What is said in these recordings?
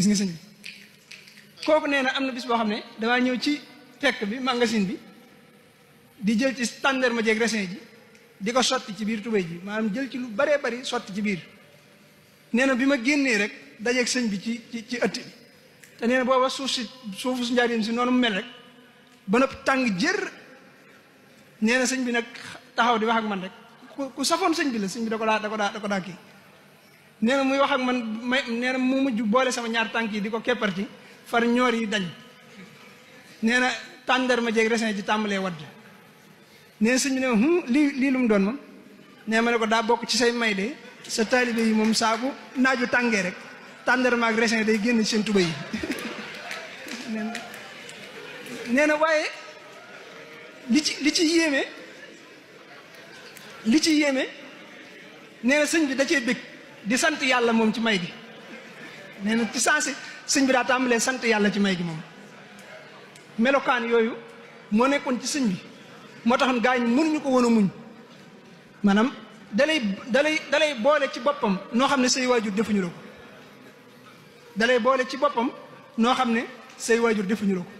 gis nga señ kooku nee na am na bis bo xamne ne damaa ci tek bi magazine bi di jël ci standard ma jek resin ji di soti ci biir tubéy ji manam jël ci lu bare bare soti ci biir neena na bi rek dajeeg bi ci ci ci ëtt bi té neena na wax suuf ci suuf su njaarim ci nonu mel rek ba nopp tang jër neena na bi nak taxaw di wax ak man rek ku safon señ bi la señ bi da ko da da ko da ko nee muy wax ak man may nee na mu mujj boole sama ñaar tànk yi di ko kepparti far ñoor yi dañ nee na tàndarma jeeg resin ji tàmbalee wat nee na sëñ bi ne lii lii lu doon nee ma ne ko bokk ci say may de sa taalibe yi moom saabu naaju tàngee rek tàndarma ak resin day génn seen tuba nee na waaye li ci li ci yéeme li ci yéeme nee sëñ bi da cee bëgg di sant yàlla moom ci may gi nee na ci saa sëñ bi daa tàmbalee sant yàlla ci may gi moom melokaan yooyu moo nekkoon ci sëñ bi moo gaa taxoon gaañ mënuñu ko woon a muñ maanaam dalay dalay dalay boole ci boppam noo xam ne say waajur defuñu la ko boole ci boppam noo xam ne say defuñu la ko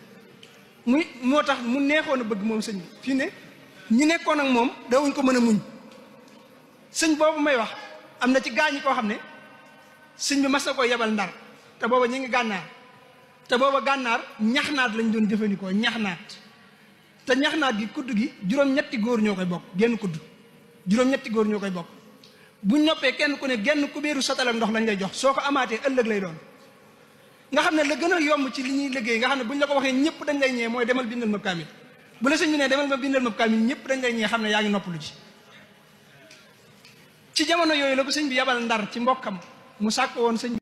muy moo tax mu neexoon a bëgg moom sëñ bi fii ne ñi nekkoon ak moom dawuñ ko mën a muñ sëñ boobu may wax am na ci gaañi koo xam ne sëñ bi mas na ko yebal ndar te booba ñu ngi gànnaar te booba gànnaar ñaxnaat lañ doon jëfandikoo ñaxnaat te ñaxnaat gi kudd gi juróom-ñetti góor ñoo koy bokk genn kudd juróom-ñetti góor ñoo koy bokk buñ noppee kenn ku ne genn kubéeru sotalam ndox lañ lay jox soo ko amaatee ëllëg lay doon nga xam ne la gën a yomb ci li ñuy liggéey nga xam ne buñ la ko waxee ñëpp dañ lay ñee mooy demal bindal ma kaamil bu la demal ma bindal ma kaamil ñëpp dañ lay ñee xam ne yaa ngi noppalu ci jamono yooyu la ko sëñ bi yabal ndar ci mbokkam mu sàkk woon sëñ